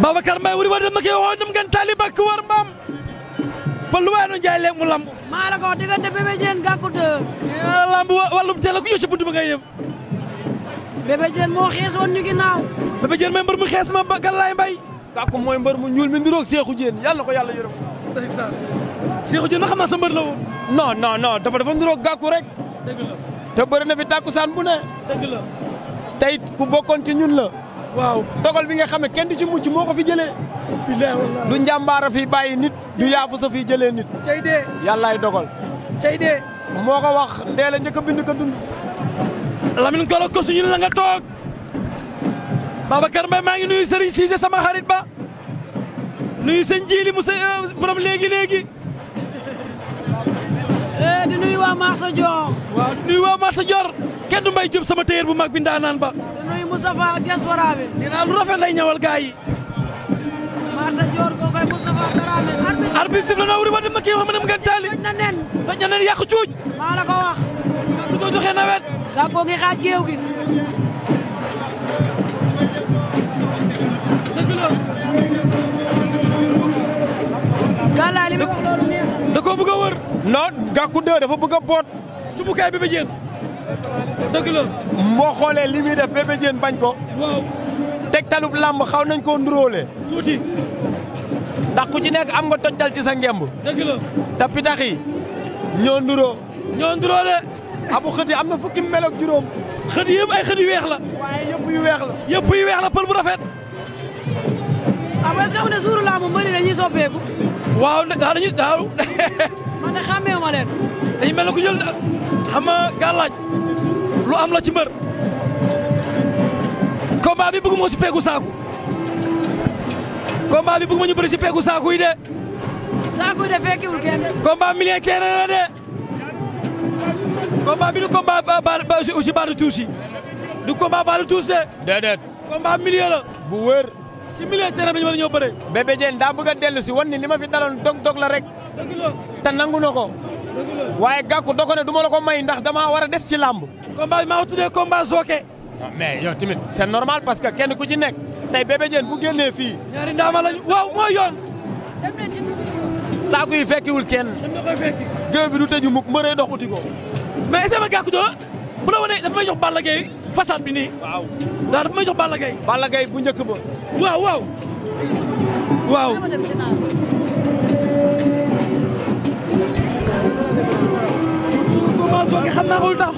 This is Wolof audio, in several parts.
Babacar Mbaye wuri wa dem na koy xoojum gan tali bakk war mbaam ba lu waay no njaay mu lamb maa la ko diggante Bébé Diène Gackou 2 lamb wàllum teel a ku ñëw ci buntu ba ngay dem Bébé moo xees woon ñu ginnaaw Bébé Diène mooy mbër mu xees ma Galaye Mbaye Gackou mooy mbër mu ñuul mi niroog Cheikhou Diène yàlla ko yàlla yërëm ndeysaan Cheikhou Diène na xam naa sa mbër la woon non non dafa dafa niroog Gackou rek dëgg la te bëri na fi tàkkusaan bu ne dëgg ku bokkoon ci waaw dogal bi nga xam ne kenn di ci mucc moo ko fi jëlee. du njàmbaara fi bàyyi nit. du yaafu sa fi jëlee nit. cay dee yàllaay dogal. cay dee. moo ko wax dee la njëkk a bind ko dund. Lamine Golo ko suñu la nga toog. Babacar Mbaye maa ngi nuyu Serigne Cissé sama xarit ba. nuyu sëñ Jili mu sa euh, borom léegi léegi. Eh, di nuyu waa Marsa Dior. waaw nuyu waa Marsa Dior. kenn du mbay jub sama téyeer bu mag bi ndaanaan ba. Moustapha ak diaspora bi. nee naa lu rafet lay ñëwal gars yi. marché Dior kooku ak Moustapha Dramé. arbitre sifflé na wuri ba dem kii wax ma dem nga taali. toj na nen toj yàq cuuj. maa ko wax. du ko joxe nawet. gàkko ngi xaaj géew gi. dëgg la. gàllaay li ma wax loolu neex. da koo bëgg a wër. non gàkku deux dafa bëgg boot. cubukaay bi ba jéem. dëgg la boo xoolee li muy def Bébé Diène bañ ko. waaw tegtalub làmb xaw nañ koo nduróole. tuuti. ndax ku ci nekk am nga tojtal ci sa ngemb. dëgg la te pitax yi ñoo nduróo. ñoo nduróo de. abu xët am na fukki mel ak juróom. xët yëpp ay xët yu weex la. waaye yëpp yu weex la. yëpp yu weex la pël bu rafet. ah mais est-ce ne suuru làmb mbëri dañuy soppeeku. waaw ndax dañuy daaw. man de xàmmeewu ma leen. dañu mel ne ku jël. xam nga gàllaaj lu am la ci mbër combat bi bëgguma si peegu saaku combat bi bëgguma ñu bëri si peegu saaku yi de. saaku yi de fekkiwul kenn. combat million kenn la de. combat bi du combat ba ba aussi baatu tuus yi du combat baatu tuus de. déedéet. combat million la. bu wër. ci million terrain bi ñu war a ñëw bëree. Bébé Diène daa bëgg dellu si wan ni li ma fi daloon dog dog la rek. dëgg la te nangu na ko. waaye gàkku da ko ne ma may ndax damaa war a des ci làmb. combat bi maa ko tuddee combat sooke. mais yow tamit c'est normal parce que kenn ku ci nekk tey bébé bu génnee fii. ñaari ndaama lañu waaw mooy yoon. saako yi fekkiwul kenn. géew bi du tëju mukk mbëree dox uti ko. mais est-ce doo bu la dafa may jox Balla Gaye façade bi nii. waaw dafa may jox Balla Gaye. bu njëkk ba. waaw waaw. waaw. Ousmane Sonko xam naa ko bëgg a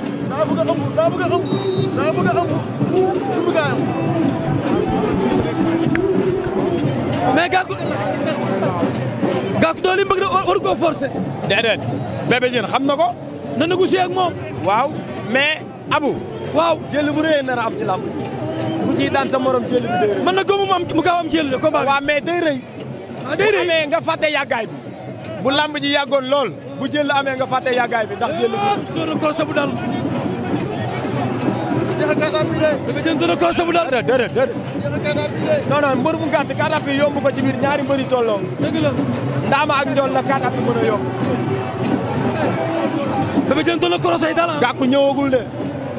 ëmb daa bëgg a ëmb xam na ko. na négocier ak moom. waaw mais Abou. waaw jël bu rëy nar a am ci làmb bu ciy daan sa morom jël mën na gëmu mu mu gaaw am jël la combat bi. waaw mais day nga fàtte yàggaay bi. bu làmb ji yàggoon lool. bu jël amee nga fàtte yàggaay bi ndax jël doon ko sa bu dal jeexal bi de da doon ko sa bu dal mbër mu gàtt quatre appuis yomb ko ci biir ñaari mbëri tolloo dëgg la ndaama ak njool la quatre appuis mën a yomb Bébé Diène doon na korosé yi daal gàkku ñëwagul de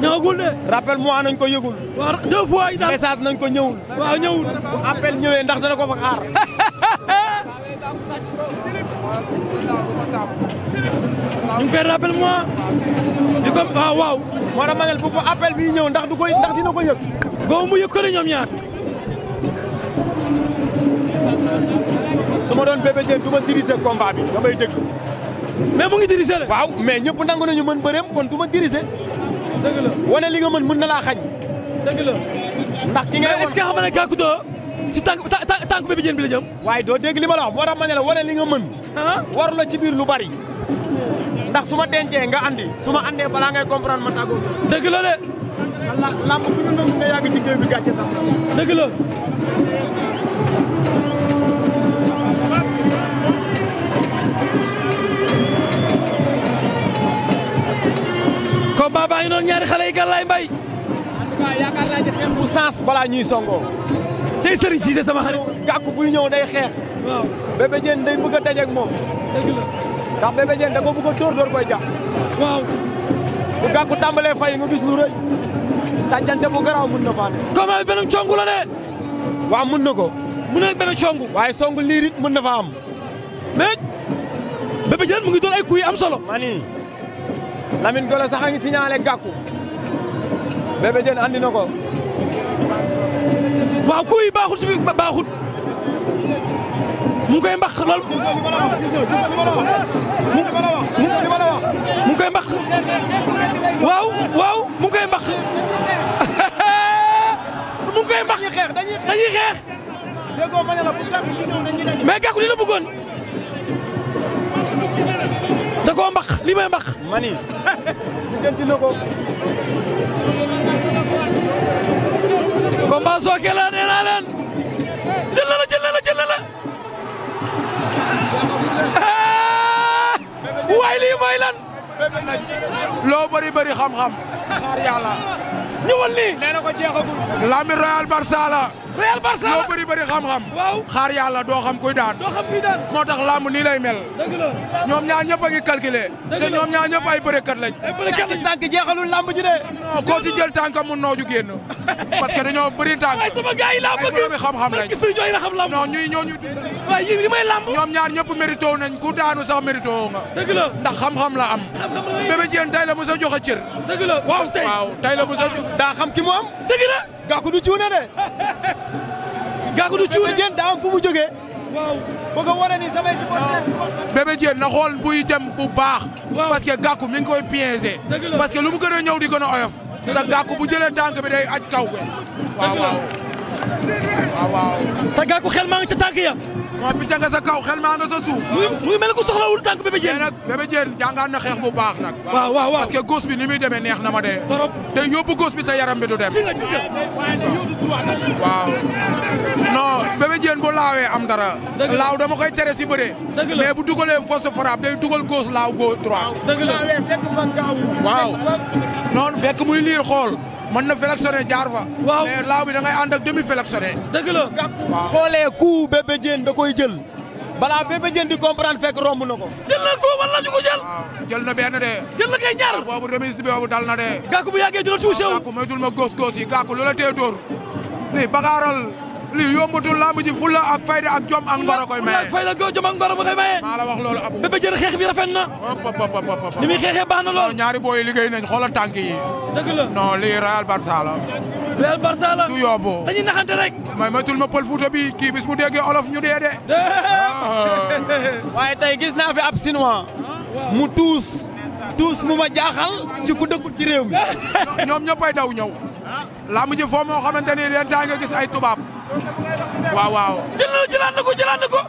ñëwagul de rappel nañ ko yëgul waaw deux fois daal message nañ ko ñëwul waaw ñëwul bu ñëwee ndax dana ko fa xaar ñu ngi koy rappel moi di ko waaw ah, waaw moo tax bu ko appel bi ñëw ndax du koy ndax dina ko yëg goow mu yëg ko de ñoom ñaar su ma doon Bébé Diène du ma diriger combat bi mu ngi diriger la waaw mais ñëpp nangu nañu mën bëreem kon du ma diriger dëgg li nga mën mën na laa xañ dëgg la ndax ki nga est-ce ne Gackou ci tànk tànk Bébé Diène bi la jëm. waaye doo dégg li ma la wax moo li nga mën. Ah. waru la ci biir lu bari. ndax su ma dencee nga andi su ma andee balaa ngay comprendre ma tàggoo. dëgg la de. la a nangu nga yàgg ci géew bi gàcce dëgg la. combat baa noonu ñaari xale yi Galaye Mbaye. en tout cas yaakaar bu sens balaa ñuy songoo. tey Serigne sama xarit. gàkku buy ñëw day xeex. waaw Bébé Diène day moom. dëgg la ndax Bébé Diène da ko bëgg a dóor dóor koy jàpp. waaw. bu fay nga gis lu rëy. sàccante bu garaaw mun na faa ne. comment benn congu la mun na ko. mun na benn congu. waaye songu liir mun na fa am. mais ngi doon ay coups yi solo. mani Lamine Golo sax a ngi signalé gàkku. Bébé na ko. waaw ku yi baaxut si biir baaxut mu koy mbax loolu mu koy mbax waaw waaw mu ngi koy mbax mu ngi koy mbax dañuy xeex mais gàkku li la bëggoon da mbax li mbax combat Sokhe la nee naa leen jël la jël la jël ah! mooy lan. loo bëri bëri xam-xam. xaar yàlla. ñëwal lii. ko jeexagul. Lamine Royal Barça la. Real Barça loo bëri bëri xam-xam. waaw doo xam kuy daan. doo moo tax làmb nii mel. la ñoom ñaar ñëpp a ngi calculé. te ñoom ñaar ñëpp ay bërekat lañ. ay bërekat lañ tànk jeexalul làmb ji de. non koo si jël tànk mun noo ju génn. parce que dañoo bëri tànk. waaye sama gars yi laa bëgg xam-xam lañ. non ñuy ñooñu. waaye yii ñoom ñaar ñëpp mérité nañ ku daanu sax mérité nga. dëgg la ndax xam-xam la am. Bébé Diène tey la mu sa joxe la waaw tey waaw tey la mu daa xam ki mu am dëgg la gàkku du cuune de. gàkku du cuune jën daa am fu mu jógee. a wane ni samay supporters. na xool buy dem bu baax. parce que gàkku mi ngi koy piégé. parce que lu mu gën a ñëw di gën a oyof. te gàkku bu jëlee tànk bi day aj kaw. waaw waaw. waaw waaw. te gàkku xel maa ngi ca tànk ya. moo picc nga sa kaw xel maa nga sa suuf. muy muy mel ku soxlawul tànk Bébé Diène. mais nag na xeex bu baax nag. waaw waaw bi ni muy demee neex na ma dee. trop te yóbbu gauche bi te yaram bi du dem. gis nga gis nga. waaw non Bébé Diène bu laawee am dara. laaw dama koy tere si bëree. mais bu dugalee fausse frappe day dugal gauche laaw gauche droite. dëgg waaw noonu fekk muy liir xool. mën na flexionné jaar fa. waaw mais laaw bi da ngay ànd ak demi flexionné. dëgg la waaw xoolee ku Bébé Diène da koy jël. balaa Bébé Diène di comprendre fekk romb na ko. jël na ko wala ñu ko jël. jël na benn de. jël na kay ñaar boobu remise boobu dal na de. gàkku bu yàggee dina touché wu. gàkku moytul ma góos góos yi gàkku loola tee dóor. ni bagaaral. lii yombatul lamb ji fulla ak fayda ak jom ak ngoro koy maye. ak fayda ak maa la wax loolu Abou. Bébé Diène xeex bi rafet na. ni muy xeexee baax na lool. ñaari booy yi liggéey nañ xoolal tànk yi. dëgg la non lii Real Barça la. Real Barça la du yomb. dañuy naxante rek. may matul ma pël Fuuta bi kii bis mu déggee olof ñu dee de. waaye tey gis naa fi ab Sinois. mu tuus. tuus mu ma jaaxal ci ku dëkkul ci réew mi. ñoom ñëppay daw ñëw. lamb ji foo moo xamante ni leen taa nga gis ay tubaab waaw waaw. jël na jëlaat na ko jëlaat na ko.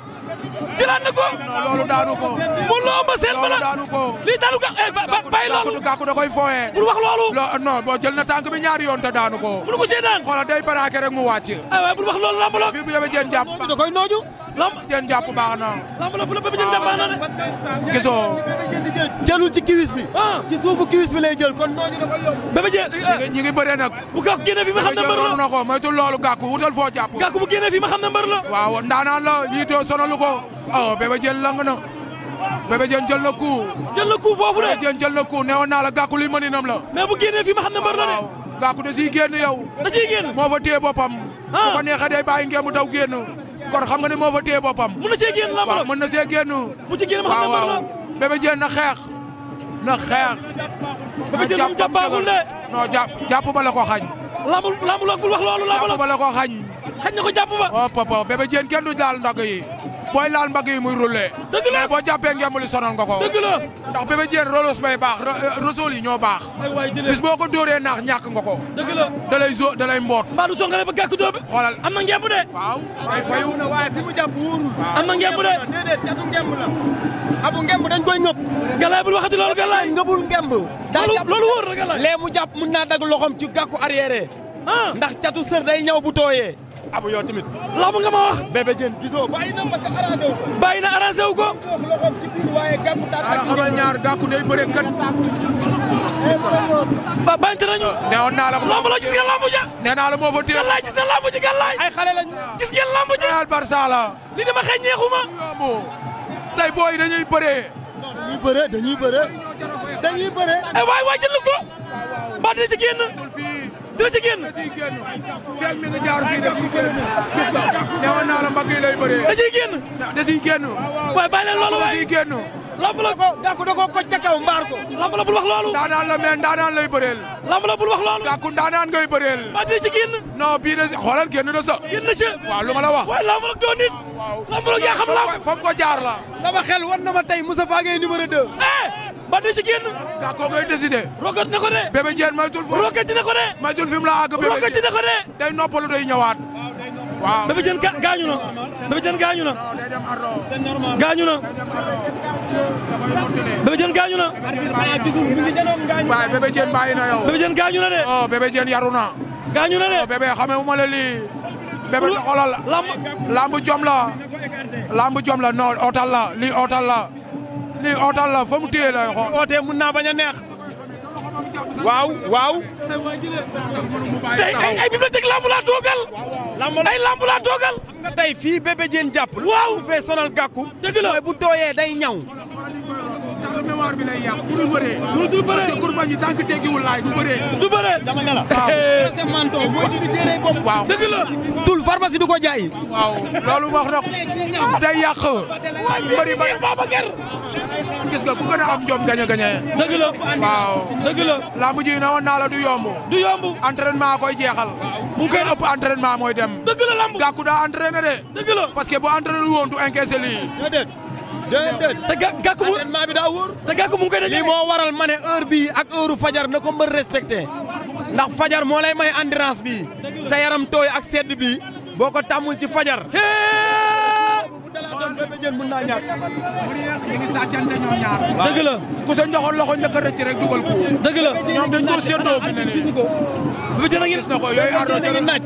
jëlaat na ko. non loolu daanu ko. mu loo ma seen ma la loolu daanu ko. lii daanu ko eh, bàyyi loolu. gàkku da koy fooyee. bul wax loolu. loo non bon jël na tànk bi ñaari yoon te daanu ko. mënu ko see daan. xoolal day paraake rek mu wàcc. Eh, aywa bul wax loolu lambaloo. fii bu yebee jeen jàpp. da nooju. lamb jën jàpp baax na. lamb la fu la Bébé Diène jëlul ci kiwis bi. Ah. ci suufu kiwis bi lay jël kon nooñu da koy yóbbu. Bébé Diène ñi ngi bëree nag. bu gàkk génne fi ma xam ne mbër la Bébé Diène na ko moytu loolu gàkk wutal ma xam ne mbër la. waaw ndaanaan la lii too sonalu ko ah Bébé Diène lang na. Bébé Diène jël na coup. jël na coup foofu de. Bébé Diène jël na coup newoon naa la gàkku li mëninam la. mais bu génnee fii ma xam ne mbër la de. gàkku da ciy yow. da ciy génn moo fa téye boppam. bu ah. ko neexee day bàyyi ngeen mu daw bor xam nga ne moo fa boppam. mën na see génn lamb la mën na see génn. bu ci génn ma xam ne mbër la Bébé na xeex na xeex. Bébé Diène moom jàppaagul de. jàpp jàpp ba la ko xañ. lamb lamb la bul wax loolu lamb la jàpp ba la ko xañ. xañ na ko jàpp ba. oh papa Bébé Diène kenn du daal yi. booy laal mbagg yi muy roulé. dëgg la mais boo jàppee ngeen li sonal ko. dëgg la ndax Bébé Diène rolos baax rosool yi ñoo baax. bis boo ko dóoree naax ñàkk nga ko. dëgg la da lay zo da lay mboot. mbaa du songale ba gàkk dóor bi. xoolal am na ngemb de. waaw day fayu waaye fi am na ngemb de déedéet catu ngemb la. dañ koy ngëb. galaay bul waxati loolu galaay. ngëbul ngemb. daa jàpp loolu wóor na galaay. lee mu jàpp mun naa dag loxoom ci gàkku arrière. Ah. ndax catu sër day ñaw bu tooyee abu yow tamit. laamu nga ma wax. Bébé Diène gisoo bàyyi na parce que arrangé wu ko. bàyyi na arrangé wu ko. loxoom ci biir waaye gàkku daal. ak xamal ñaar gàkku day bëree kat. ba bañte nañu. neewoon naa la ko lamb la gis ngeen lamb ja. nee naa la moo fa téye gàllaay gis ngeen lamb ji gàllaay. ay xale lañu gis ngeen lamb ji. Real Barça booy yi dañuy bëree. dañuy bëree dañuy bëree. dañuy bëree. Eh, waay ko. ba dina ci dina ci génn. fekk mi nga jaar fii daf ñu naa la mbagg yi lay bëree. da ciy génn. da ciy génn. waaye bàyyi leen loolu ko gàkku da koo ko ca kaw mbaar ko. lamb la bul wax loolu. daanaan la mais daanaan lay bëreel. lamb la bul wax loolu. gàkku daanaan ngay bëreel. waa dina ci génn. non bii na xoolal génn na sa. génn na ci. waaw lu ma wax. waaye lamb la doo nit. lamb la yaa xam lamb. fa ko jaar la. sama xel war na ma tey Moussa Faye ngay numéro ba da ci génn daa koo koy décidé rokat na ko de bébé Diène maytul foofu rokat dina ko de maytul fi mu la àgg bébé rokat dina ko de day noppalu day ñëwaat waaw bébé Diène gaañu na bébé Diène gaañu na gaañu na bébé Diène gaañu na waaye bébé Diène bàyyi na yow bébé Diène gaañu na de oh bébé Diène yaru na gaañu na de oh bébé xamee wu ma la lii bébé xoolal lamb lamb jom la lamb jom la non otal la lii otal la lii ootal la fa mu téye lay ootee mun naa bañ neex. waaw waaw. tey ay ay bibliothèque lamb laa fii bébé jéen jàpp. waaw bu fee sonal gàkku. dëgg bu tooyee day ñaw. mémoire bi lay yàq waaw manto mooy di téere bopp. ko jaay. day yàq. mbëri ba gis nga ku gën am jom gañ a gañe dëgg la waaw dëgg na woon naa la du yomb du yomb entraînement koy jeexal mu koy ëpp entraînement mooy dem dëgg la daa entraîné de dëgg la parce que bu entraîné woon du encaissé lii déedéet déedéet te gàkku mu entraînement bi daa wóor te gàkku mu ngi koy def moo waral ma ne heure bii ak heure fajar na ko mbër ndax fajar moo lay may endurance bi sa yaram tooy ak sedd bi boo ko tàmmul ci fajar doon bébé jën naa ñàkk Mourier ñi ngi sàccante ñoo ñaar dëgg la ku sa njoxoon loxo njëkk a rëcc rek dugal ko dëgg la ñoom dañ ko séddoo fi ne nii bébé a ngi na ko yooyu ardo da ngi naaj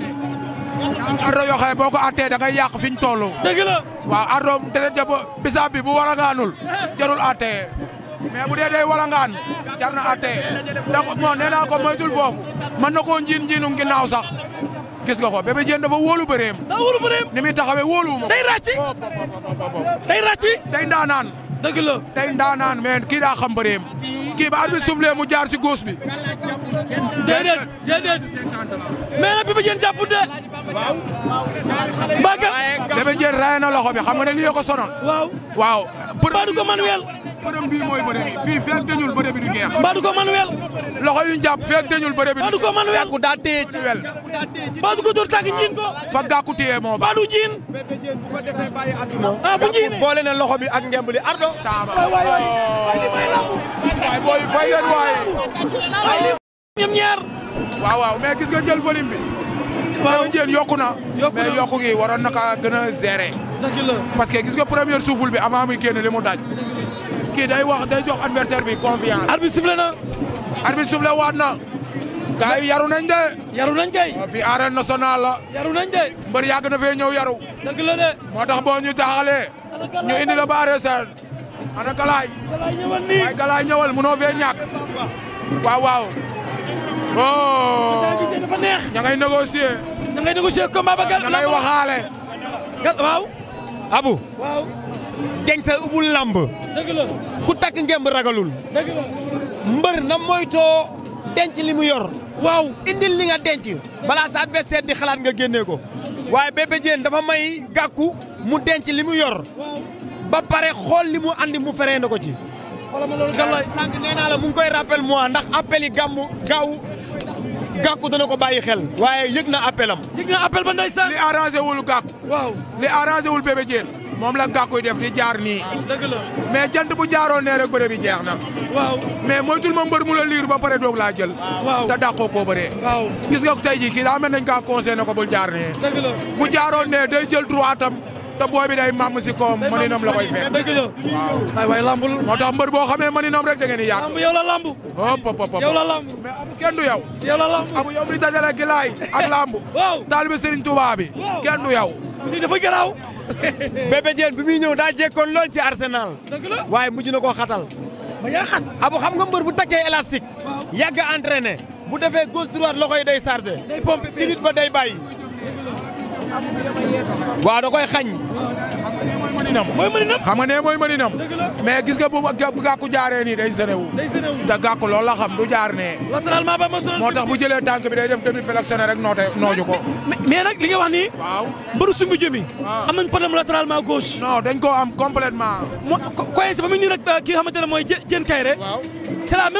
ardo boo ko attee da ngay yàq fi ñu toll dëgg la waaw ardo deret ja bisaab bi bu war a jarul attee mais bu dee day walangaan jar na attee donc bon nee mën na koo njiin njiinum ginnaaw sax gis nga ko Bébé Diène dafa wóolu bëreem. daa wóolu bëreem ni muy taxawee wóoluwuma. day ràcci day ràcci. day ndaanaan. dëgg la day ndaanaan mais kii daa xam bëreem. kii ba mu jaar si góos bi. déedéet déedéet. mais nag Bébé Diène jàpput de. waaw. mbaa kat. Bébé Diène loxo bi xam nga ne lii ko sonon waaw waaw. pour du ko manuel. bërëm bii mooy bëre fii feeg dañul bëre bi du jeex. ko man loxo yu ñu jàpp feeg dañul bëre bi. mbaa du ko man wel gàkku daa ci wel. mbaa du ko dóor tàgg fa gàkku téye moo ba. mbaa du njiin. ah boole na loxo bi ak ngemb li ardo. waay waay waay oh. booy fay leen waay. ñoom ñaar. waaw waaw mais gis nga jël volume bi. waaw yokku na. mais yokku gi waroon na kaa gën a gérer. parce que gis nga première suuful bi avant muy génn mu daaj. kii day wax day jox adversaire bi confiance. arbitre soufflé na. arbitre waat na. gars yi yaru nañ de. yaru nañ kay. fi arène nationale la. yaru de. mbër yàgg na fee yaru. moo tax boo ñu taxalee. ñu indi la baare ana galaay. galaay ñëwal nii waaye galaay ñëwal munoo waaw waaw. oh. dafa neex. ña ngay négocier. ña ba. gàllankoor ña waxaale. waaw. Abu. deñ sa ubul lamb ku takk ngemb ragalul mbër na moytoo denc li mu yor waaw indi li nga denc balaa sa adversaire di xalaat nga génnee ko waaye Bébé Diène dafa may gàkku mu denc li mu yor ba pare xool li mu àndi mu feree na ko ci xoolal ma mu koy rappel moi ndax appel yi gàmmu gaaw gàkku dana ko bàyyi xel waaye yëg na appel am yëg na appel ba li arrangé wul gàkku waaw li arrangé wul Bébé Diène moom la gàkkuy def di jaar nii. mais jant bu jaaroon nee rek bëre bi jeex na. waaw mais moytul ma mbër mu la liir ba pare doog laa jël. waaw te dàqoo koo bëree. waaw gis nga tey jii kii daa mel nañ kaa ko bul jaar nee. bu jaaroon nee day jël droit tam. te bi day màmm si koom maninam la koy fekk. dëgg la waaw. aywaay lambul. moo tax mbër boo xamee maninam rek da ngeen di yàq. lamb yow la lamb. hop la lamb. mais abu kenn du yow. la lamb abu yow mi dajale gilaay ak lamb. waaw taalibe Serigne Touba bi. kenn du yow. lii dafa garaaw. Bébé Diène bi muy ñëw daa jekkoon lool ci Arsenal. dëgg la waaye mujj na koo xatal. ba yaa xat abu xam nga mbër bu takkee élastique. yàgg a entraîné bu defee gauche droite loxo yi day chargé. day pompé ba day bàyyi. waaw da koy xañ. mooy mëninam xam nga ne mooy mëninam mais gis nga bu gàkku jaaree nii day sënewu te gàkku loolu la du jaar nee moo tax bu jëlee tànk bi day dem demi flexion rek noote nooju ko mais nag li nga wax nii waaw mbaru sumbu jëmi am nañ problème latéralement gauche non dañ koo am complètement coince ba mu ñu nag ki nga mooy jën kay rek c'est la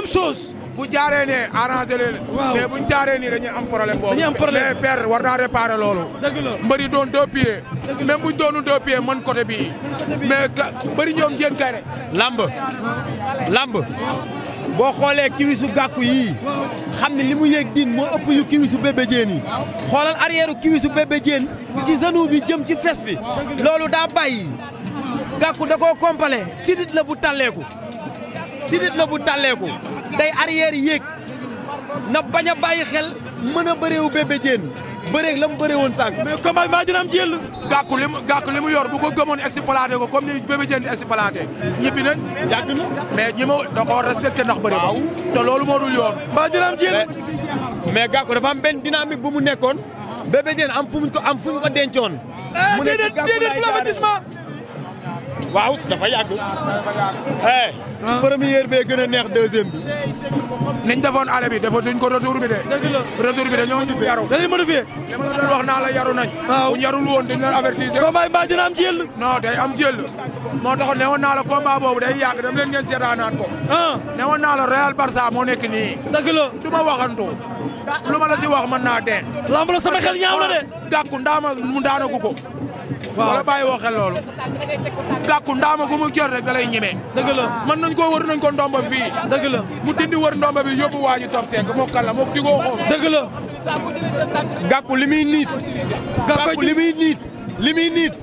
bu jaaree ne arrangé leen. waaw mais buñ jaaree am problème boobu. dañuy am problème mais père war naa réparer loolu. dëgg la mbër yi doon deux pieds. même buñ doonu deux man côté bii. mais ka bëri ñoom jéen kay lamb lamb boo xoolee kiwisu gàkku yi xam ne li mu yéeg diin moo ëpp yu kiwisu bébé jéen yi xoolal arrière kiwisu bébé jéen ci genou bi jëm ci fes bi loolu daa bàyyi gàkku da koo compale sidit la bu talleeku sidit la bu talleeku day arrière yéeg na bañ a bàyyi xel mën a bëreewu Bébé Diène bëreeg la mu bëree woon sànq. mais combat bi maa dina am jël. gàkku li mu gàkku li mu yor bu ko gëmoon exploité ko comme ni Bébé Diène di exploité ñibbi nañ. yàgg na mais ñi ma da koo respecté ndax bëri waaw te loolu moo dul yoon. maa dina am jël mais gàkku dafa am benn dynamique bu mu nekkoon. Bébé Diène am fu mu ko am fu mu ko dencoon. Eh, mu nekk gàkku waaw dafa yàgg. eh. Ah. première bee gën a neex deuxième bi. niñ defoon ale bi defatuñ ko retour bi de. retour bi de ñoo ñu fi yaru. dañuy modifié. dama la doon wax naa la yaru nañ. waaw buñ yarul woon dañ leen avertiser. combat mbaa dina am jël. non day am jël. moo taxoon ne woon naa la combat boobu day yàgg dama leen ngeen seetaanaat ko. Ah. ne woon naa la Real moo nekk nii. dëgg la du ma waxantu. lu ma la si wax mën naa dee. lamb la sama xel ñaaw na de. gàkku ndaama mu daanagu ko. wala bàyyi woo xel loolu gàkku ndaama gu mu jot rek da lay ñemee mën nañ koo wër nañ ko ndomba fii la mu dindi wër ndomba bi yóbbu waa ji top seek moo kala moo digoo xoom dëgg la gàkku li muy niit gàkku li muy niit li muy niit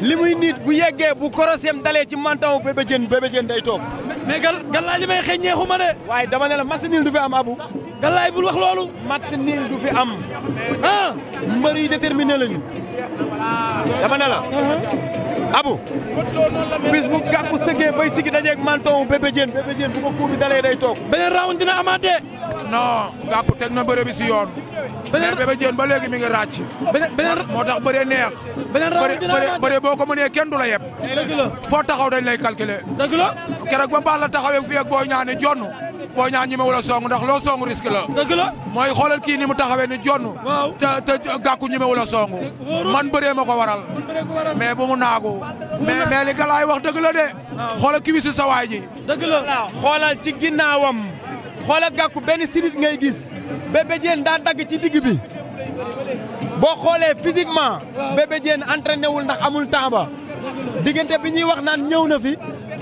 li muy niit bu yeggee bu koroseem dalee ci mantan bébé jën bébé jën day toog mais gal li may xeññee ñeexu ma de waaye dama ne la match nul du fi am abu galaay bul wax loolu match nul du fi am ah mbër yi déterminé lañu dama ne la. abu bis bu gàkku sëggee bay sigi dajeeg manton bébé jeen bébé jeen bu ko kuu bi dalee day toog. bene round dina amaat de. non gàkku teg na bëre bi si yoon. beneen bébé jeen ba léegi mi ngi ràcc. beneen moo tax bëre neex. beneen round dina amaat de bëre boo ko mënee kenn du la yeb. dëgg la foo taxaw dañ lay calculer. dëgg la keroog ba baax la taxawee fii boo ñaanee jonn boo ñaa ñi ma wala song ndax loo song risque la. dëgg la mooy xoolal kii ni mu taxawee ni jonn. waaw te te gàkku ñi ma wala song. man bëree ma ko waral. mais bu mu naagu. mais mais galaay wax dëgg la de. xoolal kii si sawaay ji. dëgg la xoolal ci ginnaawam. xoolal gàkku benn sidit ngay gis. Bébé Diène daan dagg ci digg bi. boo xoolee physiquement. Bébé Diène entraîné wul ndax amul temps ba. diggante bi ñuy wax naan ñëw na fi.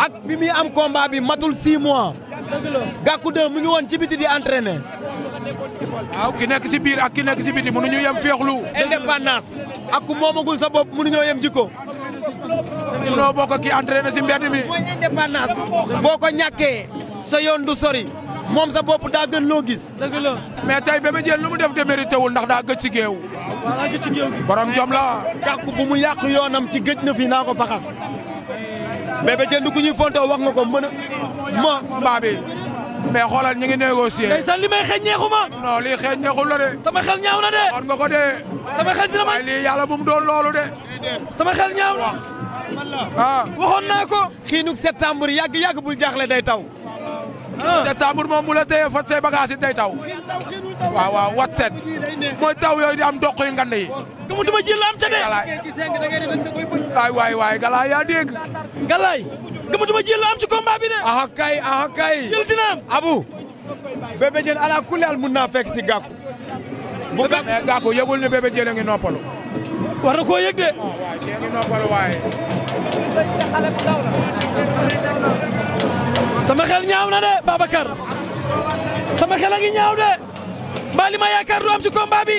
ak bi muy am combat bi matul 6 mois. gàkku de mu ngi woon ci biti di entraîné. waaw ki nekk si biir ak ki nekk si biti mënuñu yem féexlu. indépendance ak ku moomagul sa bopp mënuñoo yem jikko. mënoo boo ko kii entraîné si mbedd mi. mooy boo ko ñàkkee sa yoon du sori moom sa bopp daa gën loo gis. dëgg la mais tey Bébé Diène lu mu def démérité wul ndax daa gëj si géew. waaw daa gëj si géew gi. jom la. gàkku bu mu yàq yoonam ci gëj na fi naa ko faxas. mais ba jënd ku ñuy fontoo wax nga ko mën a ma mbaabe mais xoolal ñu ngi négocier. ndeysaan li may xeeñ ñeexuma. non lii xeeñ ñeexul la de. sama xel ñaaw na de. xool nga ko de. sama xel dina ma waaye lii yàlla mu doon loolu de. sama xel ñaaw na. ah. waxoon naa ko. xiinug septembre yàgg yàgg bul jaaxle day taw. Ah. te Tambour moom mu la téye fot say bagage taw waaw waaw wat taw yooyu di am doq yu ngand yi kamu duma ji la am ca de waay waay waay galaay yaa galaay kamu duma am ci combat bi de aha ah, kay aha ah, abu bébé jën al mun naa fekk si gàkku bu gàkku yëgul ni bébé jën a ngi koo yëg sama xel ñaaw na de Babacar sama xel ñaaw de mbaa li ma du am ci combat bi.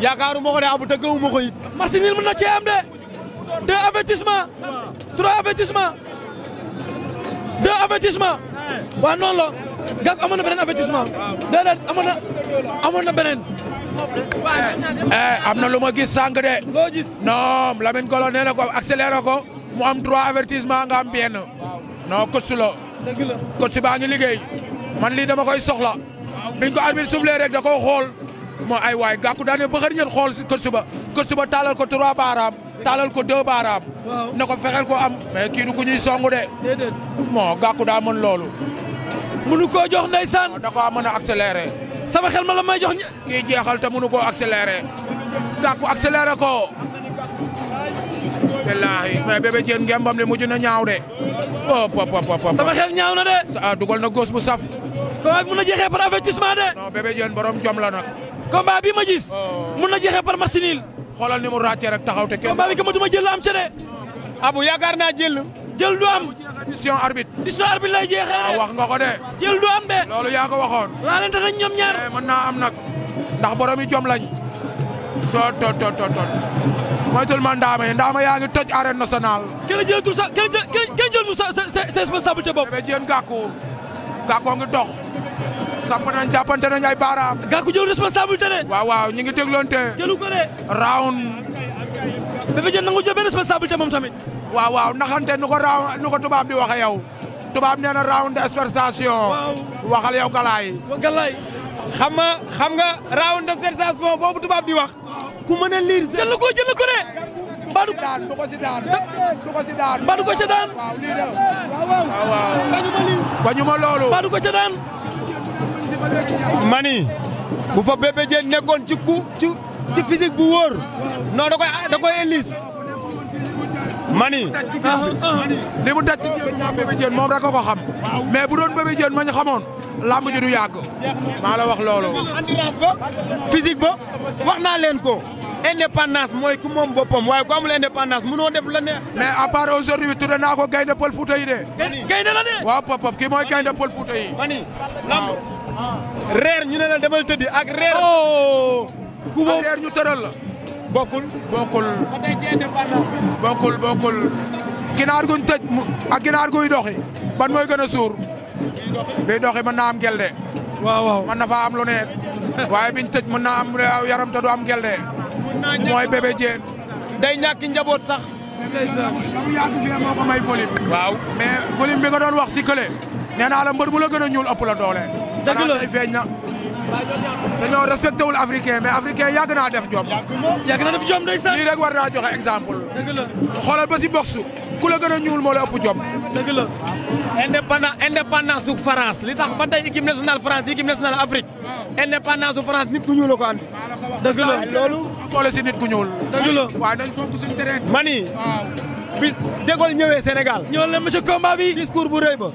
yaakaaru ma ko de abu dëggawu ma ko it. match na cee am de deux avertissement trois avertissement deux avertissement waaw noonu la gàkk amoon na beneen avertissement déedéet amoon na amoon na beneen. Eh, am na lu ma gis sànq de. loo gis non Lamine Golo ko accéléré ko mu am trois avertissement nga am benn non coach kon si baa ngi liggéey man lii dama koy soxla biñ ko arbitre soufflé rek da koo xool moo ay waay gàkku daan ne bëxër xool ko suba ko suba taalal ko trois baaraam taalal ko deux baaraam na ko fexeel ko am mais kii du ku ñuy songu moo gàkku daa mën loolu mënu koo jox ndeysaan da koo mën a accéléré sama xel ma la may jox kii jeexal te mënu ko accéléré gàkku accéléré ko wallaahi mais bébé jéen ngembam li mujj ñaaw de. oh pop pop pop. sama ñaaw na de. ah dugal na góos bu saf. combat bi mun na jeexee par avertissement de. non bébé jéen borom jom la nag. combat bi ma gis. Oh. mun na jeexee par match nul. xoolal ni mu ràccee rek taxaw te kenn. combat bi gëmatuma jël am ca abu yaakaar naa jël. jël du am. décision arbitre. décision arbitre lay jeexee de. Ah, wax nga ko jël du am de. loolu yaa ko waxoon. laalante nañ ñoom ñaar. Eh, mën naa am nag ndax borom yi jom lañ. soo tot tot tot tot moytul ma ndaama yi yaa ngi toj arène nationale. kenn jëlatul sa kenn jë kenn jëlatul sa sa sa responsabilité bopp. mais jéem gàkku gàkku ngi dox. samp nañ jàppante nañ ay baaraam. gàkku jël responsabilité de. waaw waaw ñu ngi dégloonte. jëlu ko de. round. Bébé Diène nangu jël benn responsabilité moom tamit. waaw waaw naxante nu ko round nu ko tubaab di waxe yow. tubaab nee na round d'expertisation. waaw waxal yow galaay. xam nga xam nga round de sensation boobu tubaab bi wax. ku mën a liir jël ko jël ko de. Mbadu du ko si daan ca daan. waaw ma lii bañu ma loolu. Mbadu ko ca daan. mani nekkoon ci ku ci ci physique bu wóor. non da koy da koy mani li mu daj ci jéem moom Bébé moom rek a ko xam mais bu doon Bébé Diène ma ñu xamoon làmb ji yàgg maa la wax loolu. endurance ba wax naa leen ko indépendance mooy ku moom boppam waaye ku amul indépendance mënoo def la ne. mais à part aujourd'hui tuddee naa ko gaynde pël Fuuta yi de. gaynde la de. waaw pop pop kii mooy gaynde pël Fuuta yi. reer ñu ne la demal ak reer. Oh! ku tëral la. bokkul bokkul bokkul bokkul ginaar guñ tëj ak ginaar guy doxi ban mooy gën a suur bi doxi mën naa am gel de waaw waaw mën am lu ne waaye biñ tëj mën naa am yaram du am gel de mooy bébé day ñàkki njaboot sax lamu yaatu fee moo ko may volume waaw mais bi nga doon wax si kële nee la mbër mu la gën a ñuul ëpp la doole dëgg la feeñ na dañoo respecté wul africain mais africain yàgg naa def jom. yàgg naa def jom ndeysaan. lii rek war naa joxe exemple. dëgg la ba si boxu ku la gën a ñuul moo la ëpp jom. dëgg la. indépendance indépendance su France li tax ba tey équipe nationale France di équipe nationale Afrique. indépendance su France nit ku ñuul la ko ànd. dëgg la loolu. boole si nit ku ñuul. dëgg la waaw dañ fonk mani. bis De Gaulle ñëwee Sénégal. ñëwal na monsieur combat bi. discours bu rëy ba.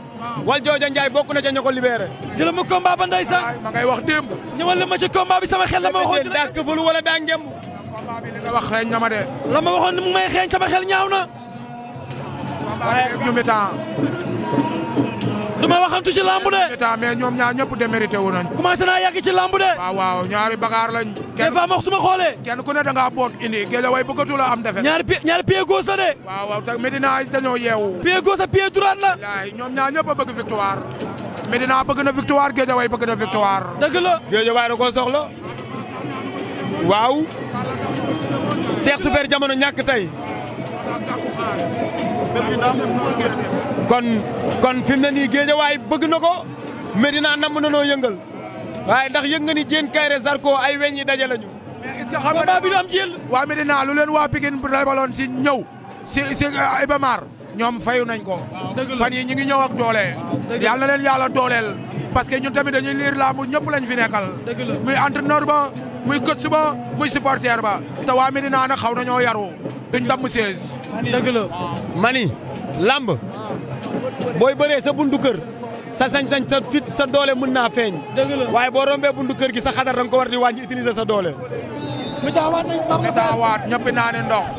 wal jooja Ndiaye bokk na ca ña ko libéré. jëlal ma combat ba ndeysaan. ma ngay wax démb. ñëwal na monsieur combat bi sama xel la ma waxoon. daa këfalu wala daa ngemb. combat bi a nga wax xeeñ na ma de. la ma waxoon mu may xeeñ sama ñaaw na. du ma waxantu ci lamb de. état mais ñoom ñaar ñëpp démérité wu nañ. commencé naa yàgg ci lamb de. waaw waaw ñaari bagaar lañ. kenn des ma su ma kenn ku ne da ngaa boot indi géej way bëggatu la am defe. ñaari pi ñaari pied gauche la de. waaw waaw te Medina dañoo yeewu. pied gauche ak pied droit la. wallaay ñoom ñaar ñëpp a bëgg victoire. Medina bëgg na victoire géej way bëgg na victoire. dëgg la géej waay da waaw. Cheikh Super jamono ñàkk tey kon kon fi mu ne nii Géejawaay bëgg na ko Medina namm na noo yëngal waaye ndax yëg nga ni Diène Kairé Zarko ay weñ yi daje lañu. mais est xam nga bi du am jël. waa Medina lu leen waa Pikine bu rebaloon si ñëw si si eh, Iba Mar ñoom fayu nañ ko. fan yi ñu ngi ñëw ak doole. yàlla na leen yàlla dooleel. parce que ñun tamit dañuy liir làmb ñëpp lañ fi nekkal. muy entraîneur ba. muy coach ba muy supporter ba te waa Medina nag xaw nañoo yaru duñ damm siège. dëgg la mani lamb booy bëree sa buntu kër sa sañ-sañ sa fit sa doole mun naa feeñ. la waaye boo rombee buntu kër gi sa xadar da ko war di wàññi utiliser sa doole. mu daawaat nañ Pape Ngagne daawaat ñëpp naa ne ndox.